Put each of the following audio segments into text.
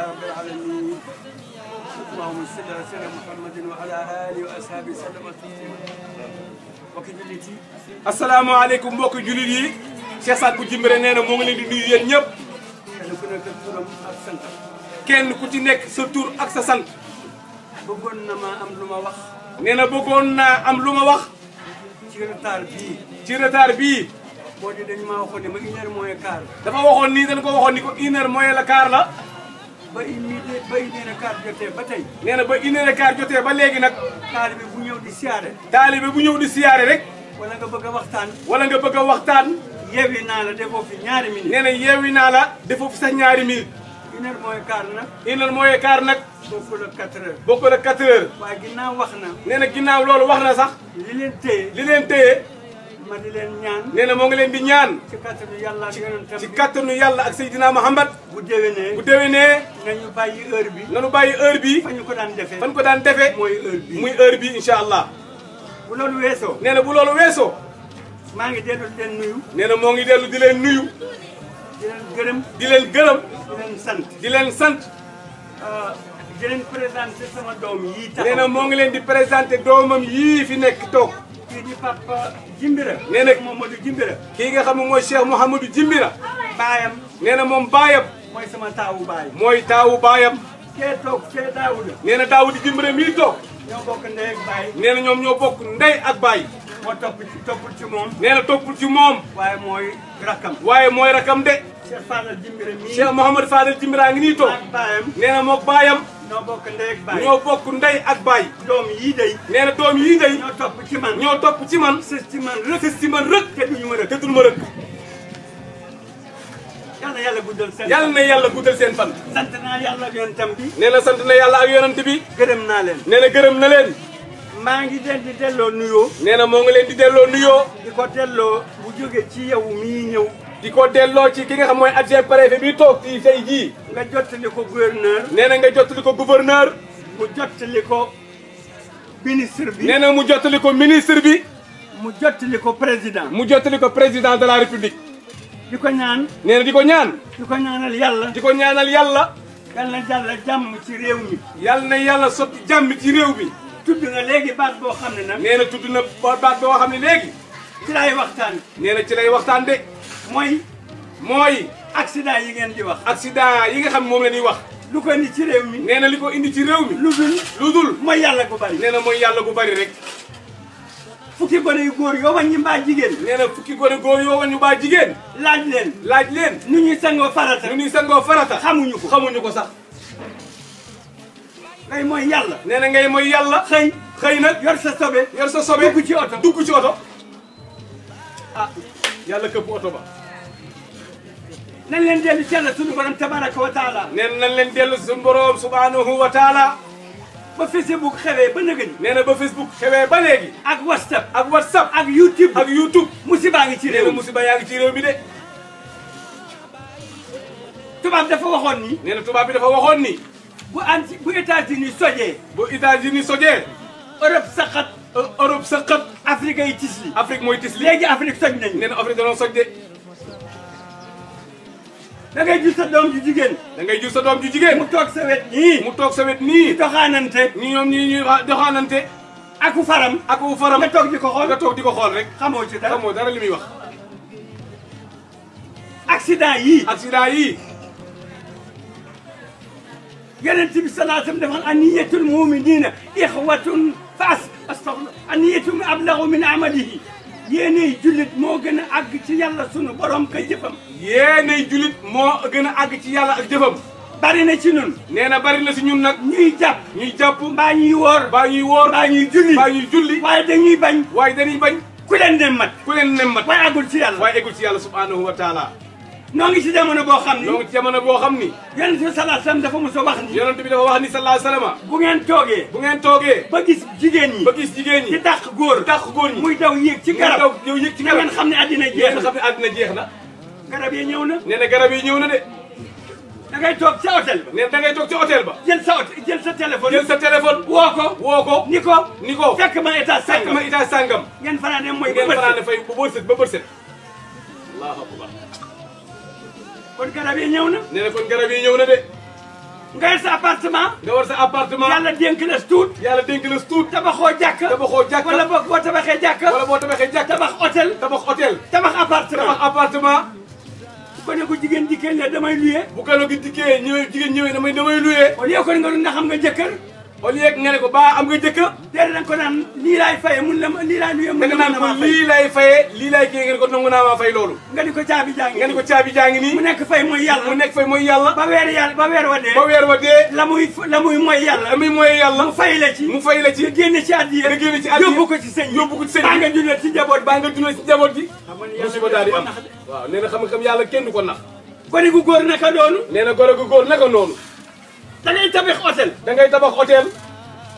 لله رب العالمين اللهم صل على سيدنا محمد وعلى اله واصحابه وسلم mbokki jullit yi asalaamaaleykum mbokki jullit di nuyu yéen ñëpp kenn ku nekk turam ak sant kenn ku ci nekk sa tur ak sa sant bëggoon na ma am lu ma wax nee na bëggoon na am lu ma wax ci retard bii ci retard bii boo di dañu maa waxoon ne ma une heure moins quart dafa waxoon nii dañ ko waxoon ni ko une heure moins la quart la ba une heure quart jotee ba tey. nee na ba une heure quart jotee ba léegi nag. taalibe bu ñëw di siyaare. taalibe bu ñëw di siyaare rek. wala nga bëgg a waxtaan. wala nga bëgg waxtaan. yeewi naa la defoo fi ñaari minutes. nee na naa la defoo fi sax ñaari minutes. une heure mooy quart nag. une heure mooy quart nag. bokkul ak quatre heures. bokkul ak quatre heures. waaye ginnaaw wax na. nee na ginnaaw loolu wax na sax. li leen téye li leen téye. ma di leen ñaan. nee na moo ngi leen bi ñaan. ci kattanu yàlla ak yonentam bi ci kattanu yàlla ak Seydina Muhammad. bu déwénee bu déwénee. nañu bàyyi heure bi. nañu bàyyi heure bi. fan ñu ko daan defee fan ko daan defee. mooy heure bi muy heure bi incha allah. bu loolu weesoo. nee na bu loolu weesoo. maa ngi dellu di leen nuyu. nee na moo ngi dellu di leen nuyu. di leen gërëm. di leen di leen sant di leen sant. Ah, di sama doom yii na moo ngi leen di présenté doomam yii fi nekk toog. kii di papa Jimbira. nee na Momadou Jimbira. kii nga xam ne mooy Cheikh Mouhamadou Jimbira. baayam nee na moom baayam. mooy sama taawu baay. mooy taawu baayam. kee toog kee Daawuda. nee na Daawuda Jimbira mii toog. ñoo bokk ndey ak baay. nee na ñoom ñoo bokk ndey ak baay. moo topp ci toppul ci moom. nee toppul ci moom. waaye mooy rakam. waaye mooy rakam de. Cheikh Fadal Jimbira mii. Cheikh Mouhamadou Fadal Jimbira a ngi nii toog. nee na baayam. ñoo bokk ndey ak bay ñoo bokk ndey ak baay. doom yii day. nee na doom yii day. ñoo topp ci man ñoo topp ci man. sës ci man rëkk sës ci man rëkk. te duñu ma rëkk te duñu ma rëkk. yal na yàlla guddal seen. yal na yàlla guddal seen fan. sant naa yàlla ak yonent bi. nee na sant na yàlla ak yonent bi. gërëm naa leen. nee na gërëm na leen. maa ngi leen di delloo nuyoo. nee na moo ngi leen di delloo nuyoo. di ko delloo bu jógee ci yow mii ñëw. di ko delloo ci ki nga xam mooy adjoint préfet bi toog fii tey jii. nga jottali ko gouverneur. nee na nga jottali ko gouverneur. mu jottali ko ministre bi. nee na mu jottali ko ministre bi. mu jottali ko président. mu jottali ko président de la république. di ko ñaan. nee di ko ñaan. di ko ñaanal yàlla. di ko ñaanal yàlla. yal na yàlla jàmm ci réew mi. yal na yàlla sot jàmm ci réew mi. tudd na léegi baat boo xam ne na nee na tudd na baat boo xam ne léegi. ci lay waxtaan. nee na ci lay waxtaan de. mooy mooy accident yi ngeen di wax accident yi nga xam moom la ñuy wax lu ko indi ci réew mi nee na li ko indi ci réew mi lu dul lu dul mooy yàlla gu bari nee mooy yàlla bu bari rek fukki gone yu góor yoo wàññi mbaa jigéen nee fukki gone góor yoo wàññi mbaa jigéen laaj leen laaj leen nu ñuy sangoo farata nu ñuy sangoo farata xamuñu ko xamuñu ko sax ngay mooy yàlla nee na ngay mooy yàlla xëy xëy nag yor sa sobe yor sa sobe dugg ci oto dugg ci oto ah yàlla këpp oto ba nan leen dellu ci yàlla sunu borom tabaraka wa taala nee nan leen dellu sunu borom subhanahu wa taala ba Facebook xewee ba nëgëni nee na ba Facebook xewee ba léegi ak WhatsApp ak WhatsApp ak YouTube ak YouTube musiba ngi ci réew mi musiba yaa ngi ci réew mi de tubaab dafa waxoon ni nee na tubaab bi dafa waxoon ni bu an bu États-Unis sojee bu États-Unis sojee Europe saqat Europe saqat Afrique yi tis li Afrique mooy tis li léegi Afrique soj nañu nee na Afrique dañoo soj de da ngay jur sa doom ju jigéen da ngay jur sa doom ju jigéen mu toog sa wet nii mu toog sa wet nii doxaanante ni ñoom ñi ñuy doxaanante aku faram aku faram nga toog di ko xool nga toog di ko xool rek xamoo ci dara xamoo dara li muy wax accident yii accident yii yonent bi salaa sallam dafa an niyatul muminina ixwatun faas astafirullah an niyatu ablagu min amalihi yéeney jullit moo gën a àgg ci yàlla sunu borom ka jëfam yéenay julit moo gën a àgg ci yàlla ak jëfam bari na ci ñun nee na bari na si ñun nag ñuy jàpp ñuy jàpp mbaa ñuy woor mbaa ñuy woor mbaa ñuy julli mbaa ñuy julli waaye dañuy bañ waaye dañuy bañ ku leen nemmat ku leen nemmat waaye agul ci yàlla waaye agul ci yàlla subhaanahu wa taala noo ngi ci jamono goo xam ni noo ngi ci jamono boo xam ni yonent bi salaa salaam dafa mos a wax ni yonent bi dafa wax ni salaa bu ngeen toogee bu ngeen toogee ba gis jigéen ñi ba gis jigéen ñi di dàq góor dàq góor ñi muy daw yéeg ci garab daw yéeg ci garab ngeen xam ne àddina jeex na xam ne àddina jeex na garab yi ñëw na. nee na garab yi ñëw na de. da ngay toog ca hôtel ba. nee da ngay toog ca hôtel ba. jël sa jël sa téléphone. jël sa téléphone. woo ko woo ko. ni ko ni ko. fekk ma état sangam fekk ma état sangam. ngeen fanaane mooy ba bët set ngeen fanaane fay ba bët set ba bët set. allahu akbar. kon garab yi ñëw na. nee na kon garab yi ñëw na de. nga war sa appartement. nga war sa appartement. yàlla dénk la stuut. yàlla dénk la stuut. tabaxoo jàkka. tabaxoo jàkka wala boo tabaxee jàkka. wala boo tabaxee jàkka. tabax hôtel. tabax hôtel. tabax appartement. tabax appartement. bu gone gu jigéen dikkee ne damay luyee bu gone gu dikkee ñëwee jigéen ñëwee damay damay luyee kon yow kon nga doon na xam nga jëkkër au lieu que ne ko ba am nga jëkkër. déedéet da nga ko naan lii laay faye mun la ma laay nuyoo mun la faye lii laay kii ko nangu naa maa fay loolu. nga ni ko caabi jaa ko caabi jaa ngi nii. mu nekk fay mooy yàlla mu nekk fay mooy yàlla. la muy la muy la muy mooy yàlla. mu fay la ci mu fay la ci. nga génne ci addiya nga génne ci addiya yóbbu ko ci sëñ yóbbu ko baa nga dundal ci njaboot baa nga dundal ci njaboot ji musiba daal di am waaw nee na xam-xam yàlla kenn du ko nax gone gu góor naka noonu nee na gone gu góor naka noonu da ngay tabax hôtel. da ngay tabax hôtel.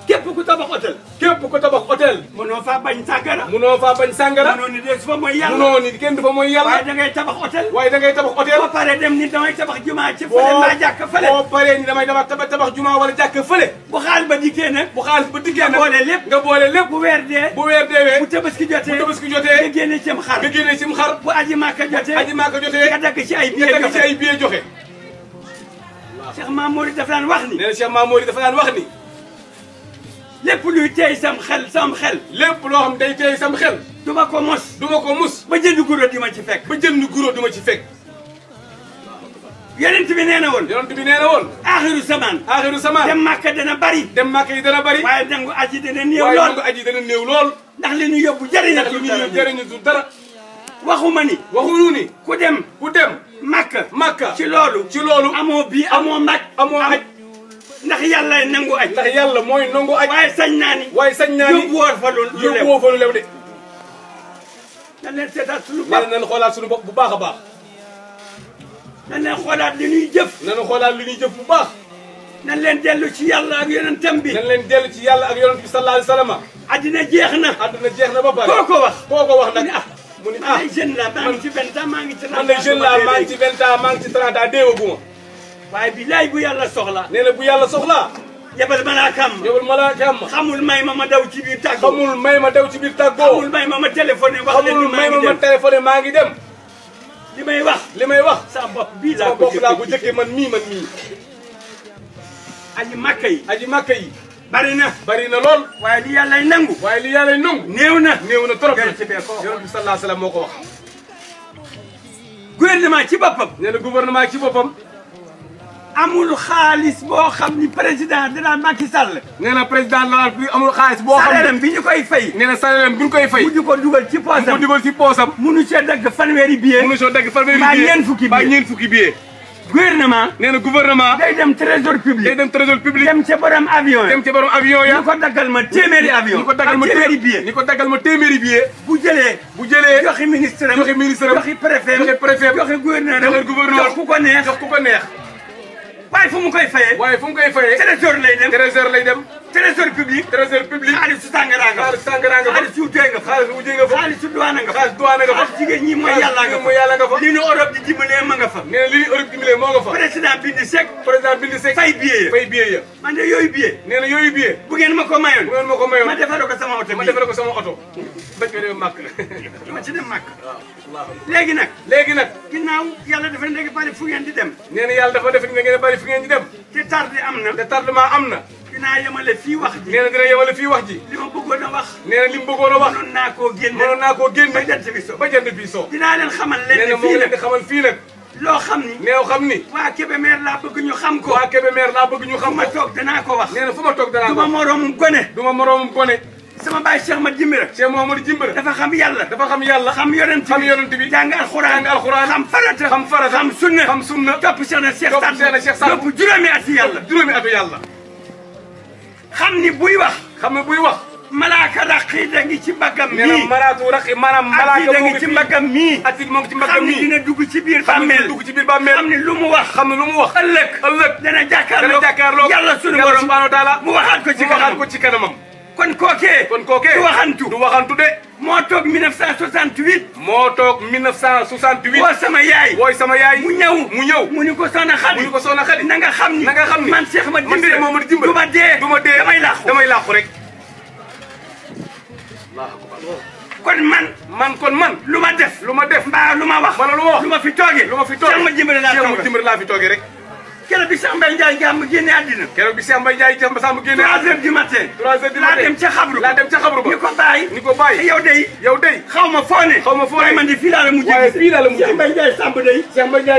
képp ku tabax hôtel. képp ku tabax hôtel. mënoo faa bañ sàngara. mënoo faa bañ sàngara. mënoo ni de su fa mooy yàlla. mënoo ni kenn du fa mooy yàlla. waaye da ngay tabax hôtel. waaye da ngay tabax hôtel. boo paree dem ni damay tabax jumaa ci fële maa jàkk fële. boo paree ni damay tabax tabax jumaa wala jàkk fële. bu xaalis ba dikkee nag. bu xaalis ba dikkee nag nga boole lépp. nga boole lépp bu weer dee. bu weer deewee bu tabaski jotee. bu tabaski jotee nga génne cim xar. nga génne cim xar. bu aji màkka jotee. aji màkka jotee. nga dagg ci ay billet joxe Cheikh Mamour dafa daan wax ni. nee na Cheikh Mamour dafa daan wax ni. lépp luy tey sam xel sam xel. lépp loo xam day tey sam xel. du ma ko mos. du ma ko mos. ba jënd guro di ma ci fekk. ba jënd guro di ma ci fekk. yonent bi nee na woon. yonent bi nee na woon. aaxiru samaan. aaxiru samaan. dem màkka dana bari. dem màkka yi dana bari. waaye nangu aji dana néew lool waaye nangu aji dana néew lool. ndax li ñu yóbbu jëriñatu dara ndax li ñu yóbbu jëriñatu dara. waxu ma ni. waxuñu ni ku dem. ku dem makka. makka ci loolu. ci loolu amoo bii amoo maj. amoo aj ndax yàlla nangu aj. ndax yàlla mooy nangu aj. waaye sañ naa ni. waaye sañ naa ni yóbbu woo fa lu lew yóbbu woo fa lu lew de. nan leen seetaat suñu bopp nan xoolaat suñu bopp bu baax a baax. nan leen xoolaat li ñuy jëf. nan xoolaat li ñuy jëf bu baax. nan leen dellu ci yàlla ak yonentam bi. nan leen dellu ci yàlla ak yonent bi sallallahu alayhi wa sallam. addina jeex na. addina jeex na ba pare. koo ko wax koo ko wax nag. mu ne ah man jeune la maa ci maa ngi ci. man de jeune la maa ngi ci vingt ans maa ngi ci trente ans deewaguma. waaye bi laay bu yàlla soxla nee na bu yàlla soxla yabal malaakam yabal xamul may ma ma daw ci biir tàggoo xamul may ma daw ci biir tàggoo xamul may ma ma téléphoné wax leen xamul may ma ma téléphoné maa ngi dem li may wax li may wax sa bopp bii laa ko jëkkee man mii man mii aji màkka yi aji màkka yi bari na bari na lool waaye li yàllay nangu waaye li yàllay nangu néew na néew na trop yonent bi ko yonent bi sallallahu alayhi wasallam moo ko wax gouvernement ci boppam nee na gouvernement ci boppam amul xaalis boo xam ni président danaa Macky Sall nee na président la bi amul xaalis boo xam salaire bi ñu koy fay nee na salaire bi ñu koy fay mujj ko dugal ci poosam mu dugal ci poosam munu cee dagg fanweeri billet munu cee dagg fanweeri billet ba ñeent fukki billet gouvernement nee na gouvernement day dem trésor public day dem trésor public dem ca borom avion dem ca borom avion ya ñu ko daggal ma téeméeri avion ñu ko daggal ma téeméeri billet ñu ko daggal ma téeméeri billet bu jëlee bu jëlee joxi ministre am joxi ministre am joxi préfet joxi préfet joxi gouverneur am joxi gouverneur jox ku ko neex jox ku ko neex waaye fu mu koy fayee waaye fu mu koy fayee trésor lay dem trésor lay dem trésor public. trésor public xaalis su sàngaraa nga. xaalis sàngaraa nga fa xaalis su tee nga fa xaalis wujjee nga fa. xaalis su duwaana nga fa xaalis duwaana nga fa. xaalis jigéen ñi mooy yàlla nga fa mooy yàlla nga fa. li ñu Europe di dimbalee ma nga fa. nee na li ñu Europe dimbalee moo nga fa. président bindi sec. président bindi sec fay billet ya. fay billet ya. man de yooyu billet. nee na yooyu billet. bu ngeen ma ko mayoon bu ngeen ma ko mayoon ma defaree ko sama oto. ma defaree ko sama oto. bañ ko dem màkk. ma ci dem màkk. waaw léegi nag. léegi nag. ginnaaw yàlla dafa nekk bari fu ngeen di dem. nee na yàlla dafa def ngeen bari fu ngeen di dem. te tardé am na. te tardement am na. naa yemale fii wax ji nee na dina yemale fii wax ji li ma bëggoon a wax nee na li mu bëggoon a wax mënoon naa koo génne mënoon naa koo génne ba jant bi so ba jant bi so dinaa leen xamal leen ne fii nag xamal fii nag loo xam ni neew xam ni waa Kébémer laa bëgg ñu xam ko waa Kébémer laa bëgg ñu xam ko fu ma toog danaa ko wax nee na fu ma toog danaa ko wax du ma moroomum gone du ma moroomum gone sama baay Cheikh Mat Jimbira Cheikh Mouhamadou Jimbira dafa xam yàlla dafa xam yàlla xam yonent bi xam yonent bi jàng alxuraan jàng alxuraan xam farata xam farata xam sunna xam sunna topp Cheikh na Cheikh Saad topp Cheikh na Cheikh Saad topp juróomi atu yàlla juróomi atu yàlla xam ni buy wax. xam ni buy wax. malaaka raqiida ngi ci mbaggam mii. nee na malaatu raqi maanaam malaaka mu ngi ci mbaggam mii. atik moo ngi ci mbaggam mii xam ni dina dugg ci biir bàmmeel. xam ni dugg ci biir bàmmeel. xam ni lu mu wax. xam ni lu mu wax. ëllëg ëllëg dana jàkkaarloo. dana jàkkaarloo yàlla sunu borom yàlla subhaanahu wa taala mu waxaat ko ci kanamam kon kookee. kon kookee du waxantu du waxantu de. moo toog 1968. moo toog 1968. woo sama yaay. wooy sama yaay. mu ñëw mu ñëw. mu ni ko soxna Xadi. mu ni ko soxna Xadi. na xam ni nga xam ni man Cheikh ma dimbali man Cheikh Mamadou Dimbali. ma dee du ma dee damay làqu damay làqu rek. kon man. man kon man. lu ma def. lu ma def lu ma wax. mbaa lu ma wax lu ma fi toogee. lu ma fi toogee Cheikh ma dimbali laa toogee rek. keroog bi Samba Ndiaye jàmm génne àddina. keroog bi Samba Ndiaye jàmm sàmm génne. laa dem ca xabru. laa dem ca xabru ba ni ko bàyyi. ni yow dey. yow dey xaw ma foone. xaw ma foone waaye man de fii laa la mujjee. waaye fii la mujjee Samba Samba dey. Samba na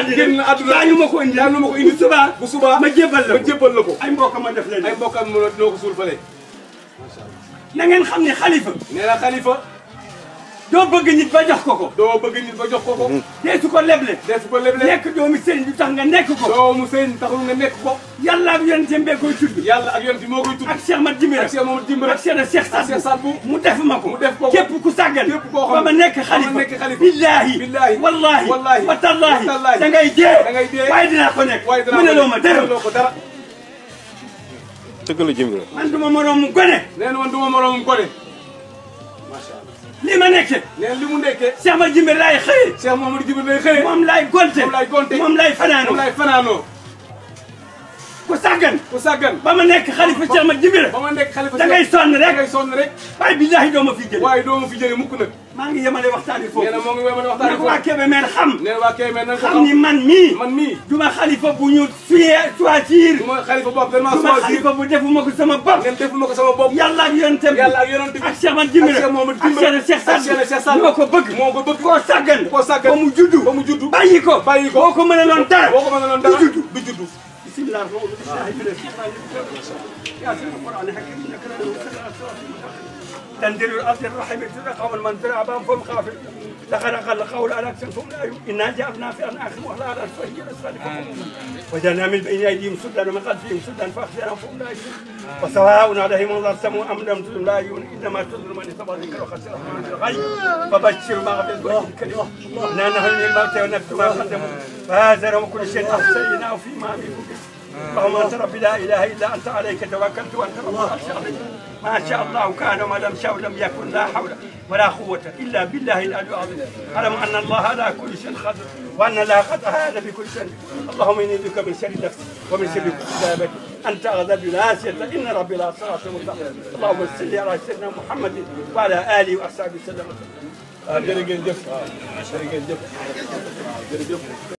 àddina génne na ma ko indi. daañu ma ko indi bu subaa. ma jébbal la ma jébbal la ko. ay mbokk ma def leen ay mbokk ma dina ko na ngeen xam ne xalifa. nee xalifa do bëgg nit ba jox ko ko. doo bëgg nit ba jox ko ko. deesu ko leble. dessu ko leble nek doomu sëriñ du tax nga nek ko. doomu sëriñ taxul nga nek ko. yàlla ak yonent mbé koy tudd. yàlla ak yonent mo koy tudd. ak Cheikh Mat Jimbira ak Cheikh Mamat dimbe ak Cheikh Sadbu Cheikh Sadbu mu def mako mu def ko kep ku sagal kep ko xam ba nek khalifa nek khalifa billahi billahi wallahi wallahi wa tallahi da ngay dé da ngay dé way dina ko nek way dina ko nekk mënaloo ma dara. dëgg la man duma morom moroomu gone. nee na man du ma moroomu gone لما نكي لما نكي سامع جيمي لاي خي سامع جيمي لاي خي مام لاي غولتي مام لاي غولتي مام لاي فنانو مام لاي فنانو كوساغن كوساغن بما نك خليفه سامع جيمي بما نك خليفه دا جاي سون رك دا جاي سون رك باي بالله دوما في جيري واي دوما في جيري موك نك maa ngi yemale waxtaan wi foofu nee na moo ngi yemale waxtaan wi foofu waa Kébémer xam. nee na waa Kébémer nañ ko xam ni man mii. man mii duma xalifa bu ñu suyee choisir. duma xalifa bopp vraiment choisir duma xalifa bu defuma ko sama bopp. ngeen defuma ko sama bopp. yàlla ak yonentam yàlla ak yonentam ak Cheikh Ahmad Djimbira ak Cheikh Sall moo ko bëgg. moo ko bëgg koo sàggan. koo sàggan ba mu juddu ba mu juddu. bàyyi ko bàyyi ko boo ko mënaloon dara boo ko mënaloon dara du juddu du juddu. bismillah. تنزل الأرض الرحم تدعم المنزل عبان فهم خافر أقل القول على سنفهم لا يؤمن إنا جعلنا في أن آخر وأهل الأرض فهي أسفلكم وجعلنا من بين أيديهم سدا ومن خلفهم سدا فأخزيناهم لا يشركون وسواء عليهم أنذرتهم أم لم تنذرهم لا يؤمنون إنما تنذر من صبر ذكر وخسر من الغي فبشر ما مغفرة الكريم إنا من الموت ونكتب ما قدموا فهذا كل شيء أحسينا وفيما أمركم اللهم انت ربي لا اله الا انت عليك توكلت وانت رب العرش ما شاء الله كان ما لم شاء لم يكن لا حول ولا قوة إلا بالله العلي العظيم أعلم أن الله على كل شيء قدير وأن لا هذا في بكل شيء اللهم إني بك من شر نفسي ومن شر كتابك أنت أغذب العافية إن ربي لا صلاة مستقيم اللهم صل على سيدنا محمد وعلى آله وأصحابه وسلم. آه، آه،